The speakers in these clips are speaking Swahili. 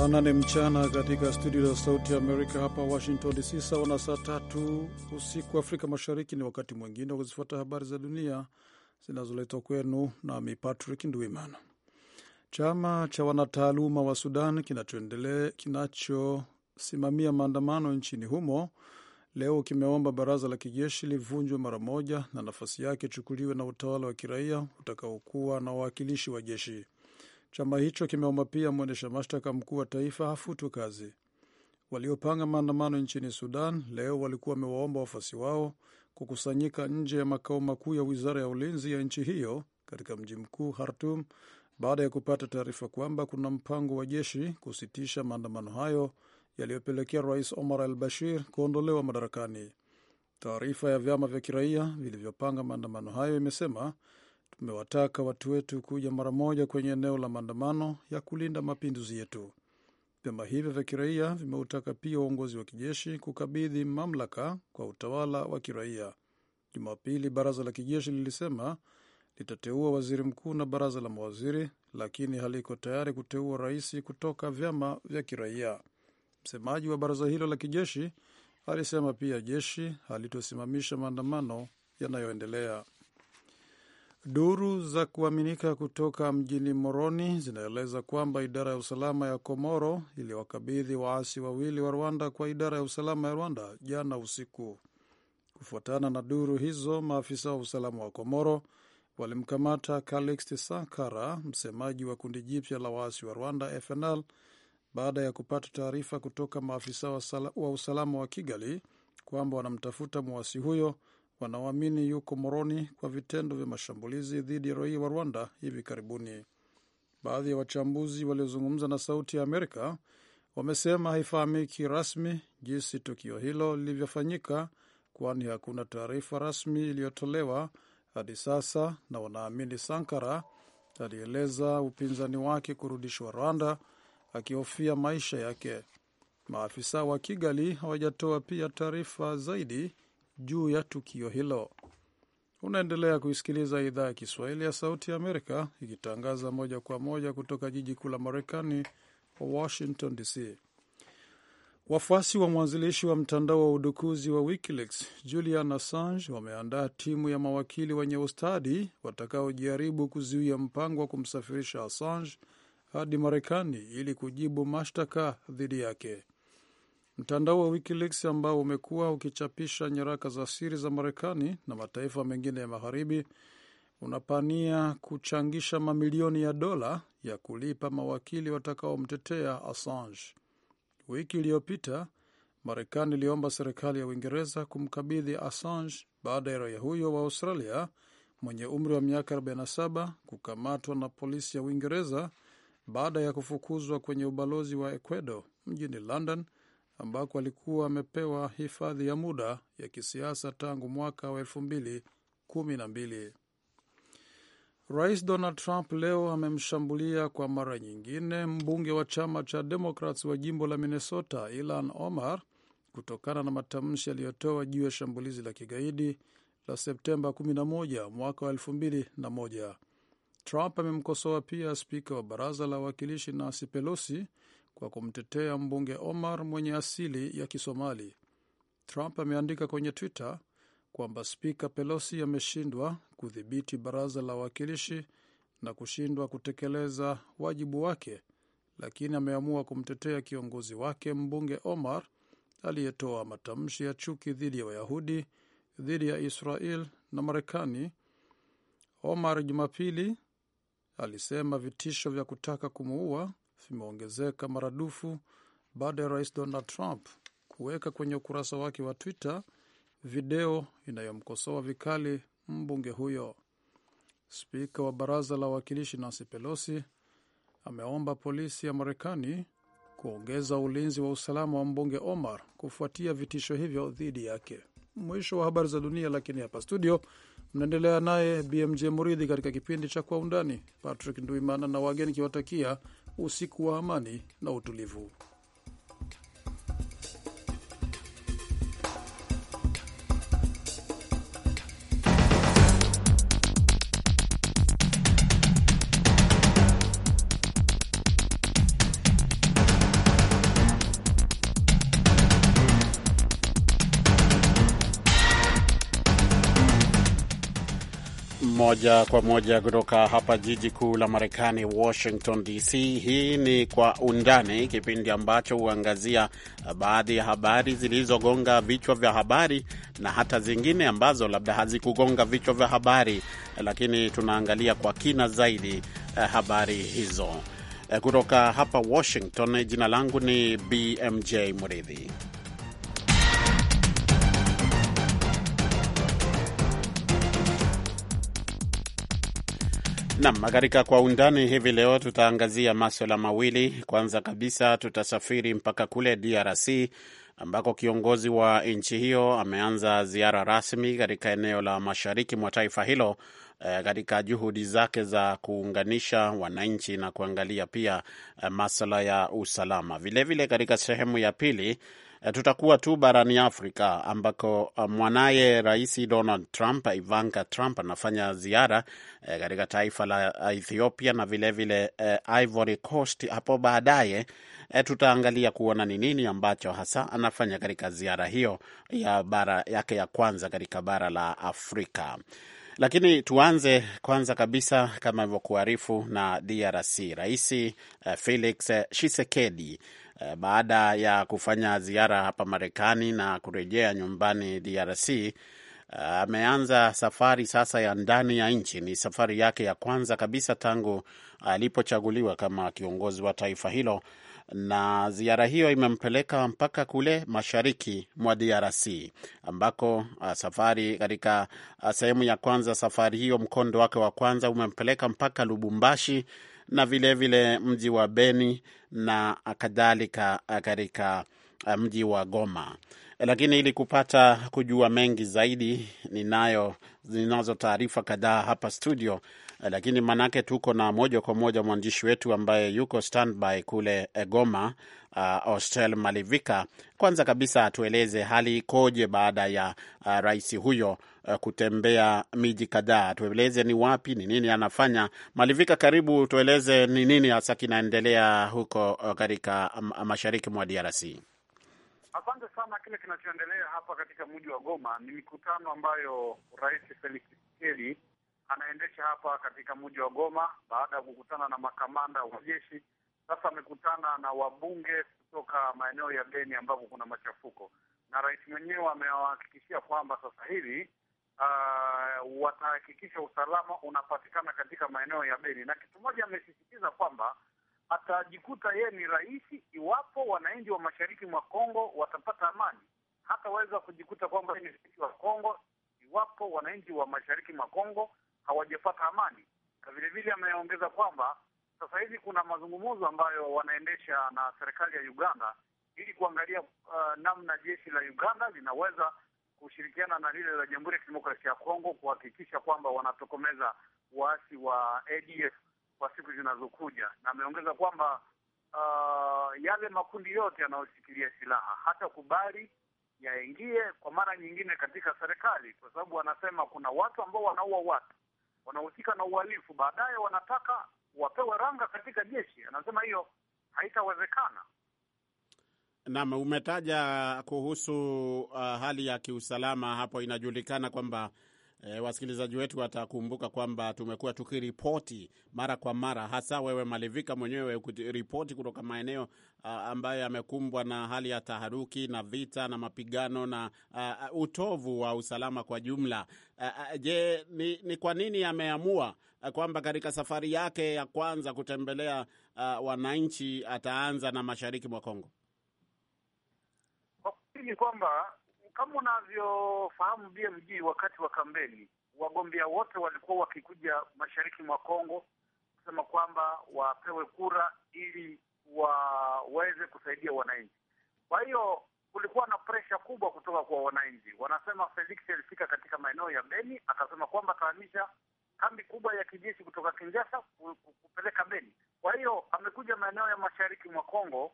Saa nane mchana katika studio za Sauti ya Amerika hapa Washington DC, sawa na saa tatu usiku Afrika Mashariki. Ni wakati mwingine wa kuzifuata habari za dunia zinazoletwa kwenu nami Patrick Ndwimana. Chama cha wanataaluma wa Sudan kinachosimamia maandamano nchini humo leo kimeomba baraza la kijeshi livunjwe mara moja na nafasi yake ichukuliwe na utawala wa kiraia utakaokuwa na wawakilishi wa jeshi. Chama hicho kimeomba pia mwendesha mashtaka mkuu wa taifa hafutwe kazi. Waliopanga maandamano nchini Sudan leo walikuwa wamewaomba wafuasi wao kukusanyika nje ya makao makuu ya wizara ya ulinzi ya nchi hiyo katika mji mkuu Khartum baada ya kupata taarifa kwamba kuna mpango wa jeshi kusitisha maandamano hayo yaliyopelekea rais Omar al Bashir kuondolewa madarakani. Taarifa ya vyama vya kiraia vilivyopanga maandamano hayo imesema Tumewataka watu wetu kuja mara moja kwenye eneo la maandamano ya kulinda mapinduzi yetu. Vyama hivyo vya kiraia vimeutaka pia uongozi wa kijeshi kukabidhi mamlaka kwa utawala wa kiraia. Jumapili, baraza la kijeshi lilisema litateua waziri mkuu na baraza la mawaziri, lakini haliko tayari kuteua rais kutoka vyama vya kiraia. Msemaji wa baraza hilo la kijeshi alisema pia jeshi halitosimamisha maandamano yanayoendelea. Duru za kuaminika kutoka mjini Moroni zinaeleza kwamba idara ya usalama ya Komoro iliwakabidhi waasi wawili wa Rwanda kwa idara ya usalama ya Rwanda jana usiku. Kufuatana na duru hizo, maafisa wa usalama wa Komoro walimkamata Calixte Sankara, msemaji wa kundi jipya la waasi wa Rwanda FNL, baada ya kupata taarifa kutoka maafisa wa usalama wa Kigali kwamba wanamtafuta mwasi huyo wanaoamini yuko moroni kwa vitendo vya mashambulizi dhidi ya raia wa Rwanda hivi karibuni. Baadhi ya wachambuzi waliozungumza na Sauti ya Amerika wamesema haifahamiki rasmi jinsi tukio hilo lilivyofanyika, kwani hakuna taarifa rasmi iliyotolewa hadi sasa, na wanaamini Sankara alieleza upinzani wake kurudishwa Rwanda akihofia maisha yake. Maafisa wa Kigali hawajatoa pia taarifa zaidi juu ya tukio hilo. Unaendelea kuisikiliza idhaa ya Kiswahili ya Sauti ya Amerika ikitangaza moja kwa moja kutoka jiji kuu la Marekani, Washington DC. Wafuasi wa mwanzilishi wa mtandao wa udukuzi wa WikiLeaks Julian Assange wameandaa timu ya mawakili wenye ustadi watakaojaribu kuzuia mpango wa kumsafirisha Assange hadi Marekani ili kujibu mashtaka dhidi yake. Mtandao wa WikiLeaks ambao umekuwa ukichapisha nyaraka za siri za Marekani na mataifa mengine ya magharibi unapania kuchangisha mamilioni ya dola ya kulipa mawakili watakaomtetea Assange. Wiki iliyopita Marekani iliomba serikali ya Uingereza kumkabidhi Assange baada ya raia huyo wa Australia mwenye umri wa miaka 47 kukamatwa na polisi ya Uingereza baada ya kufukuzwa kwenye ubalozi wa Ecuador mjini London ambako alikuwa amepewa hifadhi ya muda ya kisiasa tangu mwaka wa elfu mbili kumi na mbili. Rais Donald Trump leo amemshambulia kwa mara nyingine mbunge wa chama cha Demokrats wa jimbo la Minnesota Ilan Omar kutokana na matamshi aliyotoa juu ya shambulizi la kigaidi la Septemba 11 mwaka wa 2001. Trump amemkosoa pia spika wa baraza la wawakilishi Nancy Pelosi kwa kumtetea mbunge Omar mwenye asili ya Kisomali. Trump ameandika kwenye Twitter kwamba spika Pelosi ameshindwa kudhibiti baraza la wawakilishi na kushindwa kutekeleza wajibu wake, lakini ameamua kumtetea kiongozi wake mbunge Omar aliyetoa matamshi ya chuki dhidi ya Wayahudi, dhidi ya Israel na Marekani. Omar Jumapili alisema vitisho vya kutaka kumuua vimeongezeka maradufu baada ya rais Donald Trump kuweka kwenye ukurasa wake wa Twitter video inayomkosoa vikali mbunge huyo. Spika wa baraza la wawakilishi Nancy Pelosi ameomba polisi ya Marekani kuongeza ulinzi wa usalama wa mbunge Omar kufuatia vitisho hivyo dhidi yake. Mwisho wa habari za dunia, lakini hapa studio mnaendelea naye BMJ Muridhi katika kipindi cha Kwa Undani. Patrick Nduimana na wageni kiwatakia usiku wa amani na utulivu. moja kwa moja kutoka hapa jiji kuu la Marekani, Washington DC. Hii ni Kwa Undani, kipindi ambacho huangazia baadhi ya habari zilizogonga vichwa vya habari na hata zingine ambazo labda hazikugonga vichwa vya habari, lakini tunaangalia kwa kina zaidi eh, habari hizo eh, kutoka hapa Washington. Jina langu ni BMJ Mridhi. Nam, katika kwa undani hivi leo tutaangazia maswala mawili. Kwanza kabisa tutasafiri mpaka kule DRC ambako kiongozi wa nchi hiyo ameanza ziara rasmi katika eneo la mashariki mwa taifa hilo katika eh, katika juhudi zake za kuunganisha wananchi na kuangalia pia e, maswala ya usalama. Vilevile katika sehemu ya pili E, tutakuwa tu barani Afrika ambako e, mwanaye Rais Donald Trump, Ivanka Trump, anafanya ziara e, katika taifa la Ethiopia na vilevile vile, Ivory Coast hapo baadaye. E, tutaangalia kuona ni nini ambacho hasa anafanya katika ziara hiyo ya bara yake ya kwanza katika bara la Afrika. Lakini tuanze kwanza kabisa kama ilivyokuarifu na DRC. Rais Felix Tshisekedi Eh, baada ya kufanya ziara hapa Marekani na kurejea nyumbani DRC. Eh, ameanza safari sasa ya ndani ya nchi. Ni safari yake ya kwanza kabisa tangu alipochaguliwa kama kiongozi wa taifa hilo, na ziara hiyo imempeleka mpaka kule mashariki mwa DRC ambako eh, safari katika sehemu ya kwanza, safari hiyo mkondo wake wa kwanza umempeleka mpaka Lubumbashi na vilevile vile mji wa Beni na kadhalika eh, katika eh, mji wa Goma. Lakini ili kupata kujua mengi zaidi, ninayo ninazo taarifa kadhaa hapa studio, lakini manake tuko na moja kwa moja mwandishi wetu ambaye yuko standby kule eh, Goma, Ostel uh, Malivika. Kwanza kabisa atueleze hali ikoje baada ya uh, rais huyo Eh, kutembea miji kadhaa. Tueleze ni wapi, ni nini anafanya Malivika. Karibu tueleze ni nini hasa kinaendelea huko eh, katika mm, mashariki mwa DRC. Asante sana. Kile kinachoendelea hapa katika mji wa Goma ni mikutano ambayo Rais Felix Tshisekedi anaendesha hapa katika mji wa Goma baada ya kukutana na makamanda wa jeshi. Sasa amekutana na wabunge kutoka maeneo ya Beni ambapo kuna machafuko, na rais mwenyewe amewahakikishia kwamba sasa hivi uh, watahakikisha usalama unapatikana katika maeneo ya Beni, na kitu moja amesisitiza kwamba atajikuta yeye ni rais iwapo wananchi wa mashariki mwa Kongo watapata amani. Hataweza kujikuta kwamba ni rais wa Kongo iwapo wananchi wa mashariki mwa Kongo hawajapata amani. Na vile vile ameongeza kwamba sasa hivi kuna mazungumzo ambayo wanaendesha na serikali ya Uganda ili kuangalia uh, namna jeshi la Uganda linaweza kushirikiana na lile la Jamhuri ya Kidemokrasia ya Kongo kuhakikisha kwamba wanatokomeza waasi wa ADF kwa siku zinazokuja, na ameongeza kwamba uh, yale makundi yote yanayoshikilia silaha hata kubali yaingie kwa mara nyingine katika serikali, kwa sababu wanasema kuna watu ambao wanaua watu, wanahusika na uhalifu, baadaye wanataka wapewe ranga katika jeshi. Anasema hiyo haitawezekana. Naam, umetaja kuhusu uh, hali ya kiusalama hapo. Inajulikana kwamba E, wasikilizaji wetu watakumbuka kwamba tumekuwa tukiripoti mara kwa mara, hasa wewe Malivika mwenyewe ukiripoti kutoka maeneo uh, ambayo yamekumbwa na hali ya taharuki na vita na mapigano na a, uh, utovu wa usalama kwa jumla. A, uh, a, je, ni, ni kwa nini ameamua kwamba katika safari yake ya kwanza kutembelea wananchi ataanza na mashariki mwa Kongo? Pili ni kwamba kama unavyofahamu BMG, wakati wa kampeni wagombea wote walikuwa wakikuja mashariki mwa Kongo kusema kwamba wapewe kura ili waweze kusaidia wananchi. Kwa hiyo kulikuwa na presha kubwa kutoka kwa wananchi, wanasema Felix alifika katika maeneo ya Beni akasema kwamba atahamisha kambi kubwa ya kijeshi kutoka Kinshasa kupeleka Beni. Kwa hiyo amekuja maeneo ya mashariki mwa Kongo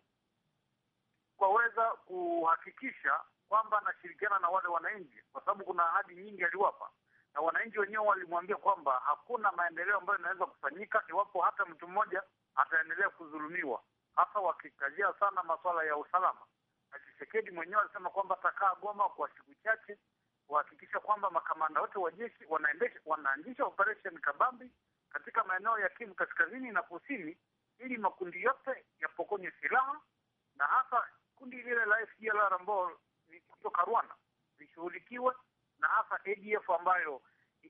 kuweza kuhakikisha kwamba anashirikiana na wale wananchi, kwa sababu kuna ahadi nyingi aliwapa, na wananchi wenyewe walimwambia kwamba hakuna maendeleo ambayo inaweza kufanyika iwapo hata mtu mmoja ataendelea kudhulumiwa, hasa wakikazia sana masuala ya usalama. Na chisekedi mwenyewe alisema kwamba atakaa Goma kwa siku chache kuhakikisha kwamba makamanda wote wa jeshi wanaanzisha operesheni kabambi katika maeneo ya Kivu kaskazini na kusini, ili makundi yote yapokonywe silaha na hasa kundi lile la FDLR ambao ni kutoka Rwanda lishughulikiwe na hasa ADF ambayo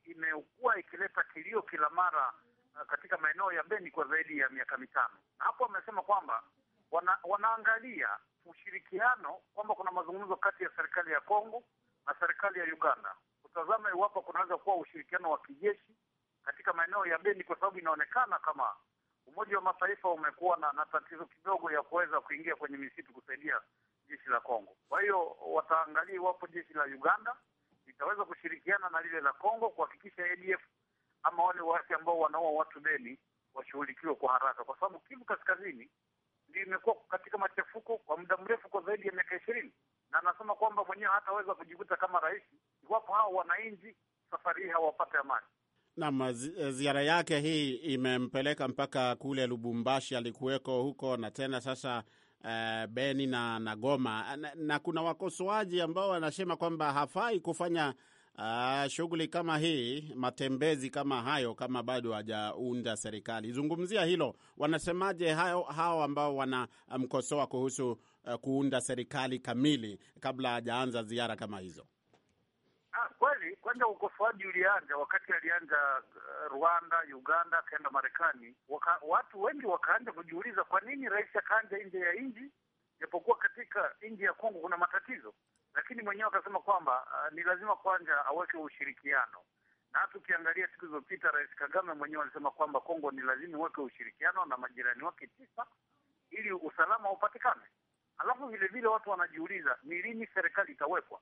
imekuwa ikileta kilio kila mara uh, katika maeneo ya Beni kwa zaidi ya miaka mitano. Na hapo wamesema kwamba wana, wanaangalia ushirikiano kwamba kuna mazungumzo kati ya serikali ya Kongo na serikali ya Uganda kutazama iwapo kunaweza kuwa ushirikiano wa kijeshi katika maeneo ya Beni kwa sababu inaonekana kama Umoja wa Mataifa umekuwa na, na tatizo kidogo ya kuweza kuingia kwenye misitu kusaidia jeshi la Kongo. Kwa hiyo wataangalia iwapo jeshi la Uganda litaweza kushirikiana na lile la Kongo kuhakikisha ADF ama wale waasi ambao wanaua watu Beni washughulikiwe kwa haraka, kwa sababu Kivu Kaskazini limekuwa katika machafuko kwa muda mrefu, kwa zaidi ya miaka ishirini, na anasema kwamba mwenyewe hataweza kujikuta kama rais iwapo hao wananchi safari hii hawapate amani nam eh, ziara yake hii imempeleka mpaka kule Lubumbashi alikuweko huko na tena sasa uh, Beni na, na Goma na, na kuna wakosoaji ambao wanasema kwamba hafai kufanya uh, shughuli kama hii, matembezi kama hayo, kama bado hajaunda serikali. Zungumzia hilo, wanasemaje hao ambao wanamkosoa eh, kuhusu uh, kuunda serikali kamili kabla hajaanza ziara kama hizo? kweli, kwanza ukosoaji ulianza wakati alianza uh, Rwanda, Uganda, akaenda Marekani. Waka, watu wengi wakaanza kujiuliza kwa nini rais akaanja nje ya nchi, japokuwa katika nchi ya Kongo kuna matatizo, lakini mwenyewe akasema kwamba uh, ni lazima kwanza aweke ushirikiano na hata ukiangalia siku zilizopita Rais Kagame mwenyewe alisema kwamba Kongo ni lazima uweke ushirikiano na majirani wake tisa ili usalama upatikane. Alafu vile vile watu wanajiuliza ni lini serikali itawekwa?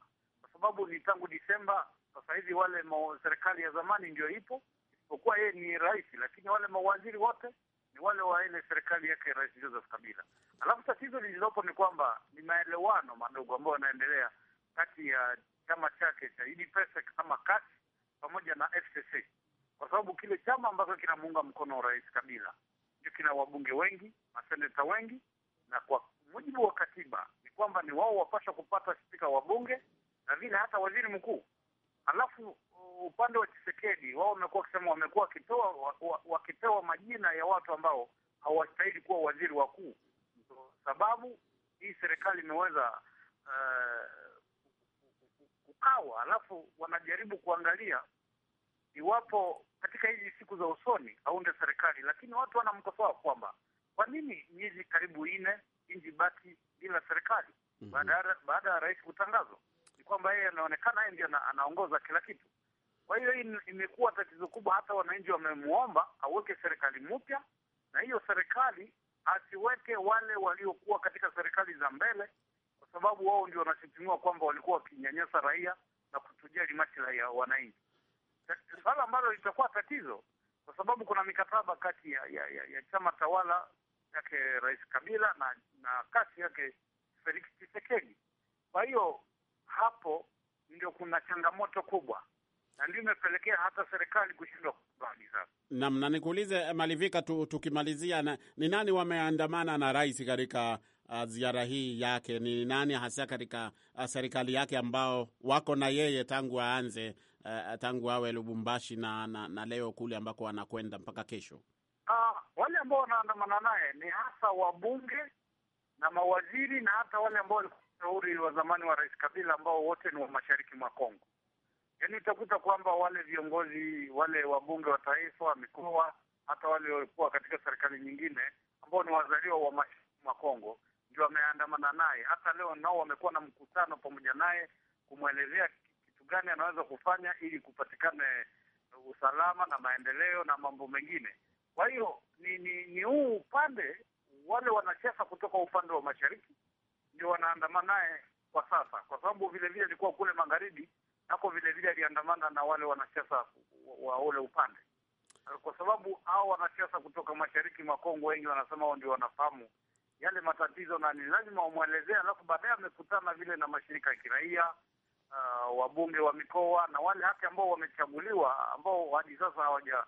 sababu ni tangu Disemba. Sasa hivi wale serikali ya zamani ndio ipo, isipokuwa yeye ni rais, lakini wale mawaziri wote ni wale wa ile serikali yake Rais Joseph Kabila. Alafu tatizo lililopo ni kwamba ni maelewano madogo ambayo yanaendelea kati ya chama chake cha UDPS kama kati pamoja na FCC, kwa sababu kile chama ambacho kinamuunga mkono Rais Kabila ndio kina wabunge wengi, maseneta wengi, na kwa mujibu wa katiba ni kwamba ni wao wapasha kupata spika wa bunge na vile hata waziri mkuu. Alafu upande wa Chisekedi, wao wamekuwa wakisema, wamekuwa wakipewa majina ya watu ambao hawastahili kuwa waziri wakuu, sababu hii serikali imeweza uh, kukawa. Alafu wanajaribu kuangalia iwapo katika hizi siku za usoni aunde serikali, lakini watu wanamkosoa kwamba kwa nini miezi karibu nne nchi baki bila serikali mhm. baada ya rais kutangazwa kwamba yeye anaonekana yeye ndio anaongoza kila kitu. Kwa hiyo hii imekuwa tatizo kubwa, hata wananchi wamemwomba aweke serikali mpya, na hiyo serikali asiweke wale waliokuwa katika serikali za mbele, kwa sababu wao ndio wanashutumiwa kwamba walikuwa wakinyanyasa raia na kutujali maslahi ya wananchi, swala ambalo litakuwa tatizo kwa sababu kuna mikataba kati ya, ya, ya, ya chama tawala yake Rais Kabila na na kati yake Felix Tshisekedi. Kwa hiyo hapo ndio kuna changamoto kubwa na ndio imepelekea hata serikali kushindwa kubali sasa. Naam, na nikuulize eh, Malivika tu, tukimalizia na, ni nani wameandamana na rais katika uh, ziara hii yake? Ni nani hasa katika uh, serikali yake ambao wako na yeye tangu aanze uh, tangu awe Lubumbashi na, na, na leo kule ambako wanakwenda mpaka kesho? Uh, wale ambao wanaandamana naye ni hasa wabunge na mawaziri na hata wale ambao walikuwa washauri wa zamani wa Rais Kabila ambao wote ni wa mashariki mwa Kongo. Yaani utakuta kwamba wale viongozi wale wabunge wa taifa wa mikoa, hata wale waliokuwa katika serikali nyingine ambao ni wazaliwa wa mashariki mwa Kongo ndio wameandamana naye. Hata leo nao wamekuwa na mkutano pamoja naye kumwelezea kitu gani anaweza kufanya ili kupatikane usalama na maendeleo na mambo mengine. Kwa hiyo ni, ni, ni huu upande wale wanasiasa kutoka upande wa mashariki ndio wanaandamana naye kwa sasa, kwa sababu vile vile alikuwa kule magharibi nako vile vile aliandamana na wale wanasiasa wa ule upande, kwa sababu hao wanasiasa kutoka mashariki mwa Kongo wengi wanasema wao ndio wanafahamu yale matatizo na ni lazima wamwelezee. Alafu baadaye amekutana vile na mashirika ya kiraia uh, wabunge wa mikoa na wale hata ambao wamechaguliwa ambao hadi sasa hawaja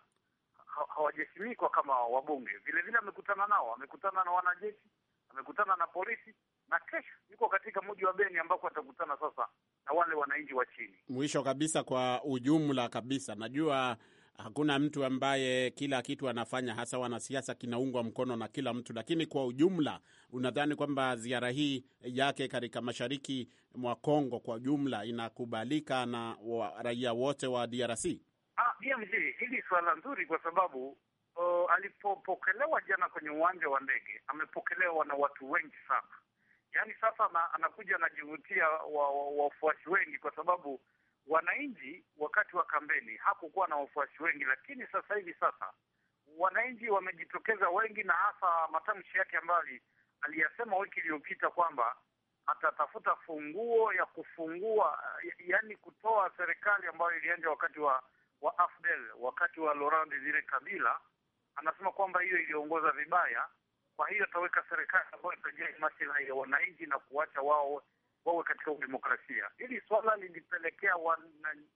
kama wabunge. Vile vile amekutana nao, amekutana na wanajeshi, amekutana na polisi na kesho yuko katika mji wa Beni ambako atakutana sasa na wale wananchi wa chini. Mwisho kabisa, kwa ujumla kabisa, najua hakuna mtu ambaye kila kitu anafanya hasa wanasiasa kinaungwa mkono na kila mtu, lakini kwa ujumla, unadhani kwamba ziara hii yake katika mashariki mwa Kongo kwa ujumla inakubalika na raia wote wa DRC? Ah, hili swala nzuri kwa sababu uh, alipopokelewa jana kwenye uwanja wa ndege amepokelewa na watu wengi sana yani sasa na, anakuja anajivutia wafuasi wa, wa wengi, kwa sababu wananchi wakati wa kampeni hakukuwa na wafuasi wengi, lakini sasa hivi sasa wananchi wamejitokeza wengi, na hasa matamshi yake ambayo aliyasema wiki iliyopita kwamba atatafuta funguo ya kufungua yaani kutoa serikali ambayo ilianja wakati wa wa AFDEL wakati wa Laurent Desire Kabila. Anasema kwamba hiyo iliongoza vibaya, kwa hiyo ataweka serikali ambayo itajali maslahi ya wananchi na kuwacha wao wawe katika udemokrasia. Hili swala lilipelekea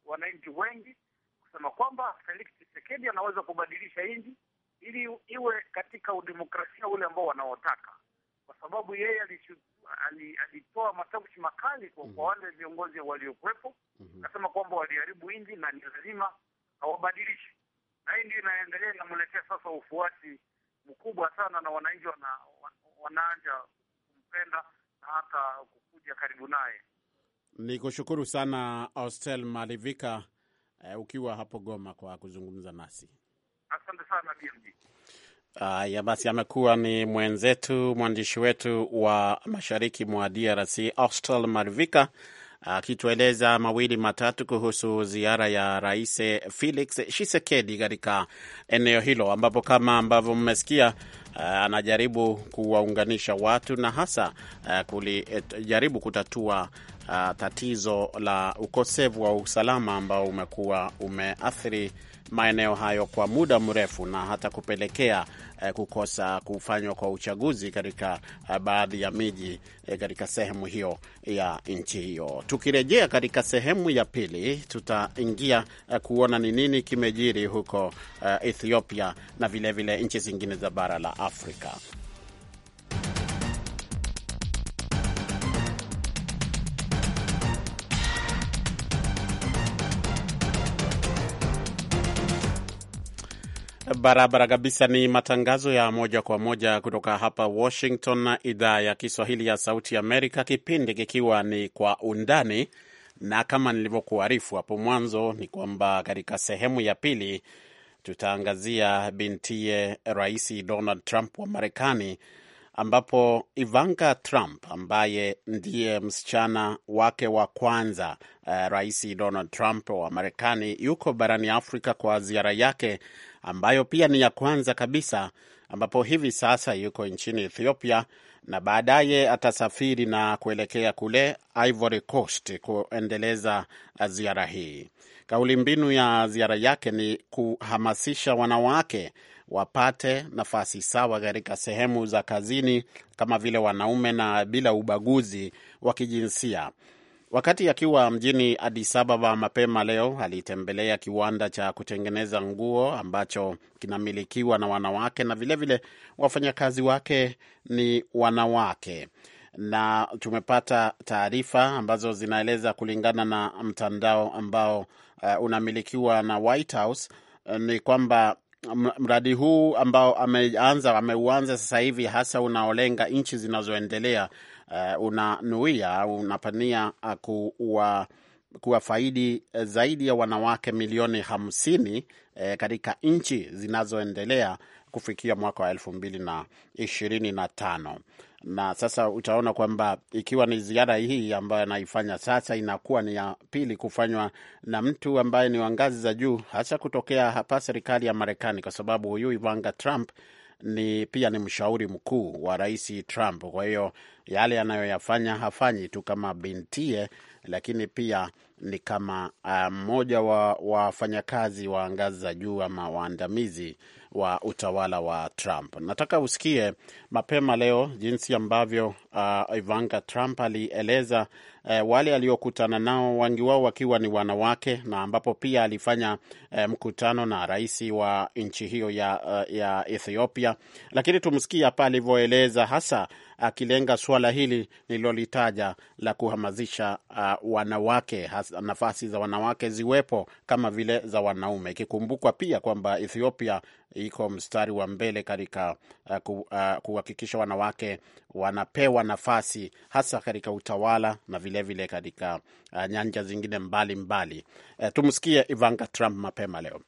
wananchi wengi kusema kwamba Felix Tshisekedi anaweza kubadilisha nchi ili iwe katika udemokrasia ule ambao wanaotaka, kwa sababu yeye alitoa matamshi makali kwa, mm -hmm. kwa wale viongozi waliokuwepo mhm. akasema mm -hmm. kwamba waliharibu nchi na ni lazima awabadilishe, na hii ndio inaendelea inamletea sasa ufuasi mkubwa sana, na wananchi wana, wanaanja kumpenda na hata kukuja karibu naye. Ni kushukuru sana Austel Malivika eh, ukiwa hapo Goma kwa kuzungumza nasi, asante sana BMG. Haya basi, amekuwa ni mwenzetu mwandishi wetu wa mashariki mwa DRC Austel Malivika akitueleza mawili matatu kuhusu ziara ya Rais Felix Tshisekedi katika eneo hilo, ambapo kama ambavyo mmesikia uh, anajaribu kuwaunganisha watu na hasa uh, kulijaribu eh, kutatua uh, tatizo la ukosefu wa usalama ambao umekuwa umeathiri maeneo hayo kwa muda mrefu na hata kupelekea eh, kukosa kufanywa kwa uchaguzi katika eh, baadhi ya miji eh, katika sehemu hiyo ya nchi hiyo. Tukirejea katika sehemu ya pili, tutaingia eh, kuona ni nini kimejiri huko eh, Ethiopia na vilevile nchi zingine za bara la Afrika. Barabara kabisa. Ni matangazo ya moja kwa moja kutoka hapa Washington na idhaa ya Kiswahili ya Sauti Amerika, kipindi kikiwa ni Kwa Undani, na kama nilivyokuarifu hapo mwanzo ni kwamba katika sehemu ya pili tutaangazia bintiye Rais Donald Trump wa Marekani, ambapo Ivanka Trump ambaye ndiye msichana wake wa kwanza uh, Rais Donald Trump wa Marekani yuko barani Afrika kwa ziara yake ambayo pia ni ya kwanza kabisa, ambapo hivi sasa yuko nchini Ethiopia na baadaye atasafiri na kuelekea kule Ivory Coast kuendeleza uh, ziara hii. Kauli mbinu ya ziara yake ni kuhamasisha wanawake wapate nafasi sawa katika sehemu za kazini kama vile wanaume na bila ubaguzi wa kijinsia. Wakati akiwa mjini Addis Ababa mapema leo, alitembelea kiwanda cha kutengeneza nguo ambacho kinamilikiwa na wanawake na vilevile wafanyakazi wake ni wanawake na tumepata taarifa ambazo zinaeleza kulingana na mtandao ambao uh, unamilikiwa na White House uh, ni kwamba mradi huu ambao ameanza ameuanza sasa hivi hasa unaolenga nchi zinazoendelea uh, unanuia unapania uh, kuwa kuwafaidi eh, zaidi ya wanawake milioni hamsini eh, katika nchi zinazoendelea kufikia mwaka wa elfu mbili na ishirini na tano. Na sasa utaona kwamba ikiwa ni ziara hii ambayo anaifanya sasa inakuwa ni ya pili kufanywa na mtu ambaye ni wa ngazi za juu hasa kutokea hapa serikali ya Marekani, kwa sababu huyu Ivanka Trump ni pia ni mshauri mkuu wa rais Trump. Kwa hiyo yale anayoyafanya hafanyi tu kama bintie, lakini pia ni kama ah, mmoja um, wa wafanyakazi wa ngazi za juu ama waandamizi wa utawala wa Trump. Nataka usikie mapema leo jinsi ambavyo uh, Ivanka Trump alieleza e, wale aliokutana nao wengi wao wakiwa ni wanawake, na ambapo pia alifanya e, mkutano na rais wa nchi hiyo ya, eh, ya Ethiopia. Lakini tumsikie hapa alivyoeleza hasa akilenga suala hili nililolitaja la kuhamasisha uh, wanawake has, nafasi za wanawake ziwepo kama vile za wanaume, ikikumbukwa pia kwamba Ethiopia iko mstari wa mbele katika uh, kuhakikisha uh, wanawake wanapewa nafasi hasa katika utawala na vilevile katika uh, nyanja zingine mbalimbali mbali. Uh, tumsikie Ivanka Trump mapema leo.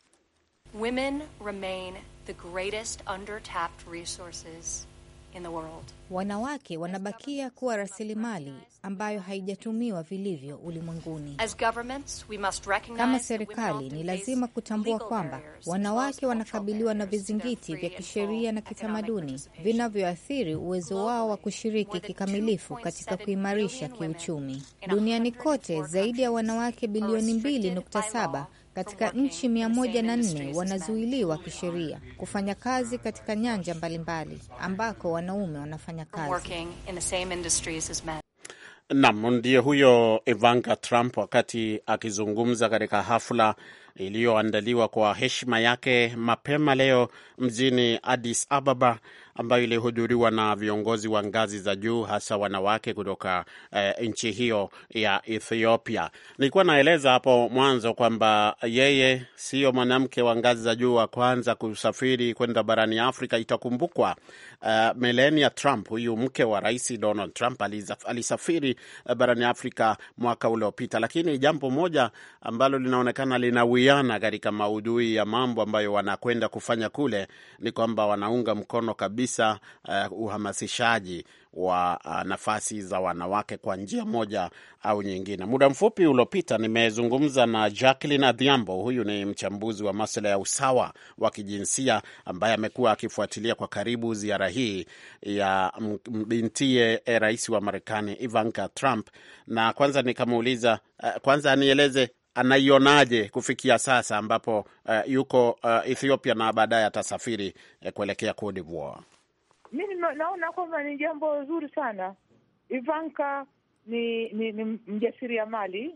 Women remain the greatest undertapped resources in the world. Wanawake wanabakia kuwa rasilimali ambayo haijatumiwa vilivyo ulimwenguni. Kama serikali, ni lazima kutambua kwamba wanawake wanakabiliwa na vizingiti vya kisheria na kitamaduni vinavyoathiri uwezo wao wa kushiriki kikamilifu katika kuimarisha kiuchumi. Duniani kote, zaidi ya wanawake bilioni 2.7 katika nchi 104 wanazuiliwa kisheria kufanya kazi katika nyanja mbalimbali ambako wanaume wanafanya kazi. Nam, ndiye huyo Ivanka Trump wakati akizungumza katika hafla iliyoandaliwa kwa heshima yake mapema leo mjini Addis Ababa ambayo ilihudhuriwa na viongozi wa ngazi za juu hasa wanawake kutoka eh, nchi hiyo ya Ethiopia. Nilikuwa naeleza hapo mwanzo kwamba yeye siyo mwanamke wa ngazi za juu wa kwanza kusafiri kwenda barani Afrika. Itakumbukwa uh, Melania Trump, huyu mke wa Rais Donald Trump, alisafiri eh, barani Afrika mwaka uliopita, lakini jambo moja ambalo linaonekana linawiana katika maudhui ya mambo ambayo wanakwenda kufanya kule ni kwamba wanaunga mkono kabisa kabisa uh, uhamasishaji wa uh, nafasi za wanawake kwa njia moja au nyingine. Muda mfupi uliopita nimezungumza na Jacqueline Adhiambo. Huyu ni mchambuzi wa masuala ya usawa wa kijinsia ambaye amekuwa akifuatilia kwa karibu ziara hii ya mbintie eh, rais wa Marekani Ivanka Trump, na kwanza nikamuuliza, uh, kwanza anieleze anaionaje kufikia sasa ambapo uh, yuko uh, Ethiopia na baadaye atasafiri uh, kuelekea Cote d'Ivoire? Mimi naona kwamba ni jambo zuri sana. Ivanka ni ni, ni mjasiriamali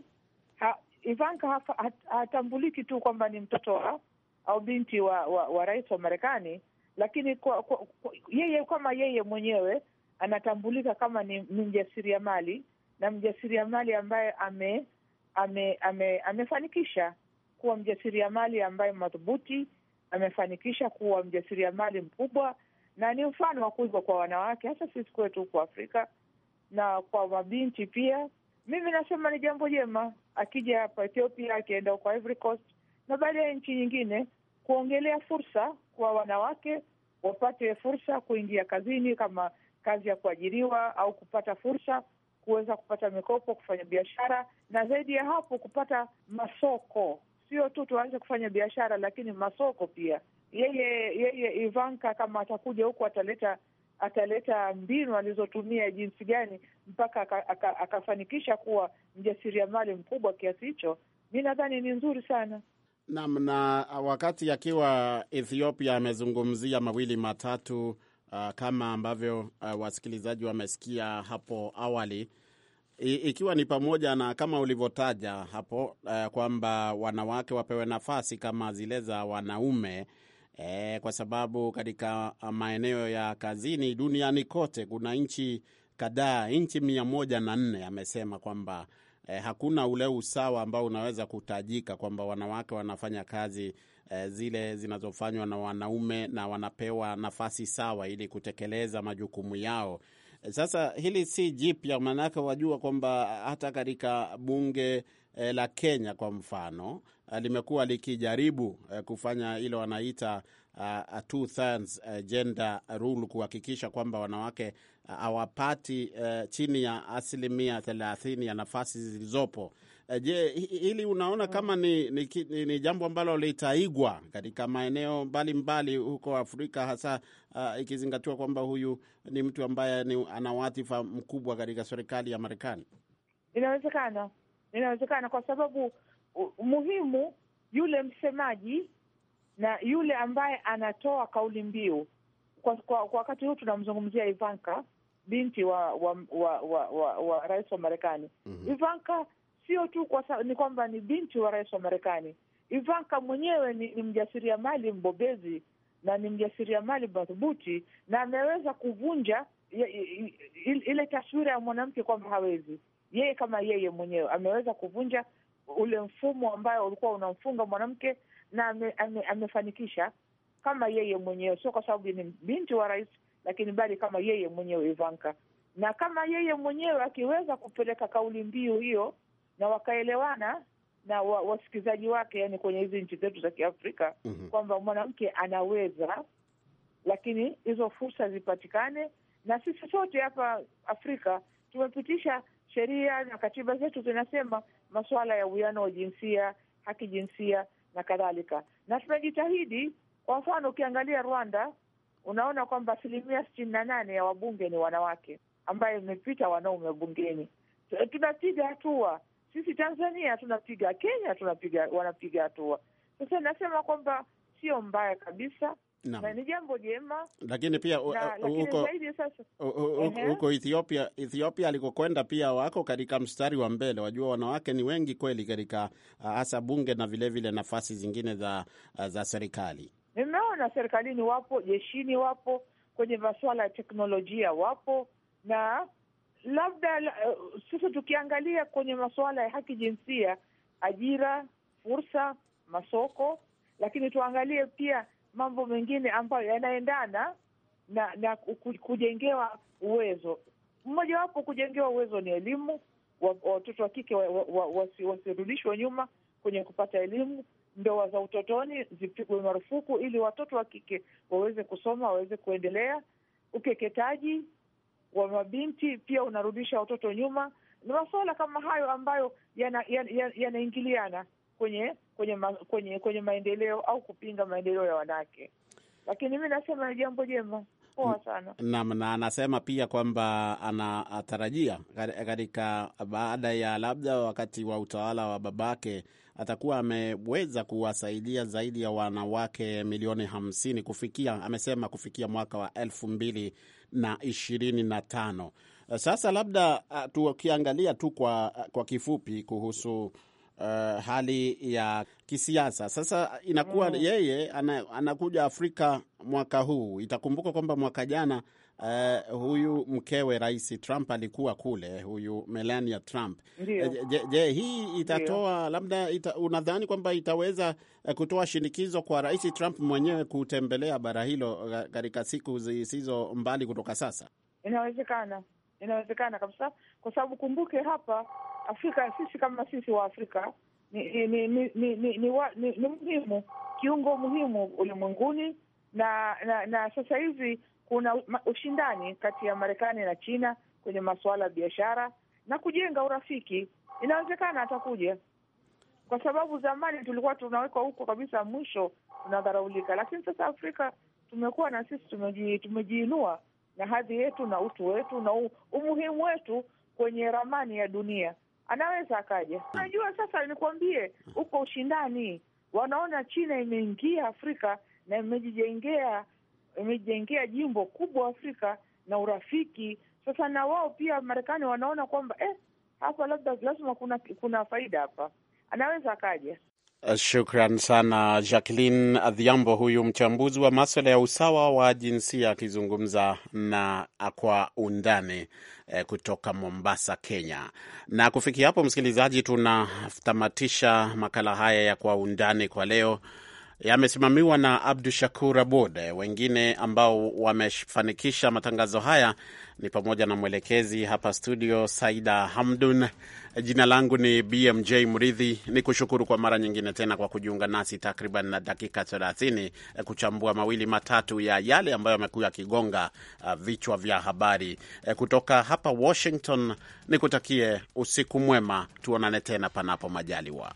ha, Ivanka hatambuliki tu kwamba ni mtoto wa au binti wa, wa, wa rais wa Marekani, lakini kwa, kwa, kwa, yeye kama yeye mwenyewe anatambulika kama ni mjasiriamali na mjasiriamali ambaye ame ame, ame, amefanikisha kuwa mjasiriamali ambaye madhubuti, amefanikisha kuwa mjasiriamali mkubwa na ni mfano wa kuigwa kwa wanawake, hasa sisi kwetu huko Afrika na kwa mabinti pia. Mimi nasema ni jambo jema akija hapa Ethiopia, akienda kwa Ivory Coast na baada ya nchi nyingine, kuongelea fursa kwa wanawake wapate fursa kuingia kazini, kama kazi ya kuajiriwa au kupata fursa kuweza kupata mikopo, kufanya biashara, na zaidi ya hapo kupata masoko. Sio tu tuanze kufanya biashara, lakini masoko pia. Yeye yeye Ivanka kama atakuja huku ataleta ataleta mbinu alizotumia jinsi gani mpaka akafanikisha aka, aka kuwa mjasiriamali mkubwa kiasi hicho. Mi nadhani ni nzuri sana nam. Na wakati akiwa Ethiopia amezungumzia mawili matatu uh, kama ambavyo uh, wasikilizaji wamesikia hapo awali I, ikiwa ni pamoja na kama ulivyotaja hapo uh, kwamba wanawake wapewe nafasi kama zile za wanaume eh, kwa sababu katika maeneo ya kazini duniani kote kuna nchi kadhaa, nchi mia moja na nne amesema kwamba eh, hakuna ule usawa ambao unaweza kutajika kwamba wanawake wanafanya kazi eh, zile zinazofanywa na wanaume na wanapewa nafasi sawa ili kutekeleza majukumu yao. Eh, sasa hili si jipya, maanake wajua kwamba hata katika bunge eh, la Kenya kwa mfano eh, limekuwa likijaribu eh, kufanya ile wanaita uh, two thirds uh, gender rule kuhakikisha kwamba wanawake hawapati uh, chini ya asilimia thelathini ya nafasi zilizopo Eh, je, hili unaona mm. kama ni, ni, ni, ni jambo ambalo litaigwa katika maeneo mbalimbali huko Afrika hasa uh, ikizingatiwa kwamba huyu ni mtu ambaye ni ana wadhifa mkubwa katika serikali ya Marekani? Inawezekana, inawezekana kwa sababu muhimu yule msemaji na yule ambaye anatoa kauli mbiu kwa, kwa, kwa wakati huu tunamzungumzia Ivanka binti wa wa wa, wa, wa, wa rais wa Marekani. mm -hmm. Ivanka sio tu kwa ni kwamba ni binti wa rais wa Marekani. Ivanka mwenyewe ni, ni mjasiriamali mbobezi na ni mjasiriamali madhubuti, na ameweza kuvunja ile taswira ya mwanamke kwamba hawezi. Yeye kama yeye mwenyewe ameweza kuvunja ule mfumo ambayo ulikuwa unamfunga mwanamke, na ame, ame, amefanikisha kama yeye mwenyewe, sio kwa sababu ni binti wa rais, lakini bali kama yeye mwenyewe Ivanka, na kama yeye mwenyewe akiweza kupeleka kauli mbiu hiyo na wakaelewana na wa, wasikilizaji wake, yani kwenye hizi nchi zetu za Kiafrika mm -hmm. kwamba mwanamke anaweza, lakini hizo fursa zipatikane. Na sisi sote hapa Afrika tumepitisha sheria na katiba zetu zinasema masuala ya uwiano wa jinsia, haki jinsia na kadhalika, na tunajitahidi. Kwa mfano, ukiangalia Rwanda unaona kwamba asilimia sitini na nane ya wabunge ni wanawake, ambayo imepita wanaume bungeni. Tunapiga hatua sisi Tanzania tunapiga, Kenya tunapiga, wanapiga hatua. Sasa nasema kwamba sio mbaya kabisa na, na ni jambo jema, lakini pia huko uh, uh, Ethiopia, Ethiopia alikokwenda pia wako katika mstari wa mbele. Wajua wanawake ni wengi kweli katika uh, hasa bunge na vilevile vile nafasi zingine za za serikali. Nimeona serikalini wapo, jeshini wapo, kwenye masuala ya teknolojia wapo, na labda uh, sasa tukiangalia kwenye masuala ya haki jinsia, ajira, fursa, masoko, lakini tuangalie pia mambo mengine ambayo yanaendana na na kujengewa uwezo. Mmojawapo kujengewa uwezo ni elimu, watoto wa kike wasirudishwe wa, wa, wa nyuma kwenye kupata elimu. Ndoa za utotoni zipigwe marufuku ili watoto wa kike waweze kusoma, waweze kuendelea. Ukeketaji wa mabinti, pia unarudisha watoto nyuma. Ni masuala kama hayo ambayo yanaingiliana yana, yana kwenye kwenye ma, kwenye kwenye maendeleo au kupinga maendeleo ya wanawake, lakini mi nasema ni jambo jema poa sana. Naam, na anasema pia kwamba anatarajia katika baada ya labda wakati wa utawala wa babake atakuwa ameweza kuwasaidia zaidi ya wanawake milioni hamsini kufikia, amesema kufikia mwaka wa elfu mbili na ishirini na tano. Sasa labda tukiangalia tu kwa, kwa kifupi kuhusu uh, hali ya kisiasa. Sasa inakuwa mm, yeye ana, anakuja Afrika mwaka huu. Itakumbuka kwamba mwaka jana uh, huyu mkewe Rais Trump alikuwa kule, huyu Melania Trump. Eh, je, hii itatoa Ndiyo. labda ita, unadhani kwamba itaweza eh, kutoa shinikizo kwa Rais Trump mwenyewe kutembelea bara hilo katika siku zisizo mbali kutoka sasa? Inawezekana, inawezekana kabisa, kwa sababu kumbuke hapa Afrika, sisi kama sisi wa Afrika ni ni ni ni ni, ni, ni, ni muhimu kiungo muhimu ulimwenguni na, na na sasa hivi kuna ushindani kati ya Marekani na China kwenye masuala ya biashara na kujenga urafiki. Inawezekana atakuja, kwa sababu zamani tulikuwa tunawekwa huko kabisa mwisho, tunadharaulika, lakini sasa Afrika tumekuwa na sisi tumeji, tumejiinua na hadhi yetu na utu wetu na umuhimu wetu kwenye ramani ya dunia anaweza akaja. Hmm. Unajua, sasa nikuambie, huko ushindani, wanaona China imeingia Afrika na imejijengea imejijengea jimbo kubwa Afrika na urafiki. Sasa na wao pia Marekani wanaona kwamba eh, hapa labda lazima kuna kuna faida hapa, anaweza akaja. Uh, shukran sana Jacqueline Adhiambo, huyu mchambuzi wa maswala ya usawa wa jinsia akizungumza na kwa undani eh, kutoka Mombasa, Kenya. Na kufikia hapo, msikilizaji, tunatamatisha makala haya ya kwa undani kwa leo yamesimamiwa na Abdu Shakur Abud. Wengine ambao wamefanikisha matangazo haya ni pamoja na mwelekezi hapa studio Saida Hamdun. Jina langu ni BMJ Mridhi, ni kushukuru kwa mara nyingine tena kwa kujiunga nasi takriban na dakika 30 eh, kuchambua mawili matatu ya yale ambayo yamekuwa yakigonga eh, vichwa vya habari eh, kutoka hapa Washington. Nikutakie usiku mwema, tuonane tena panapo majaliwa.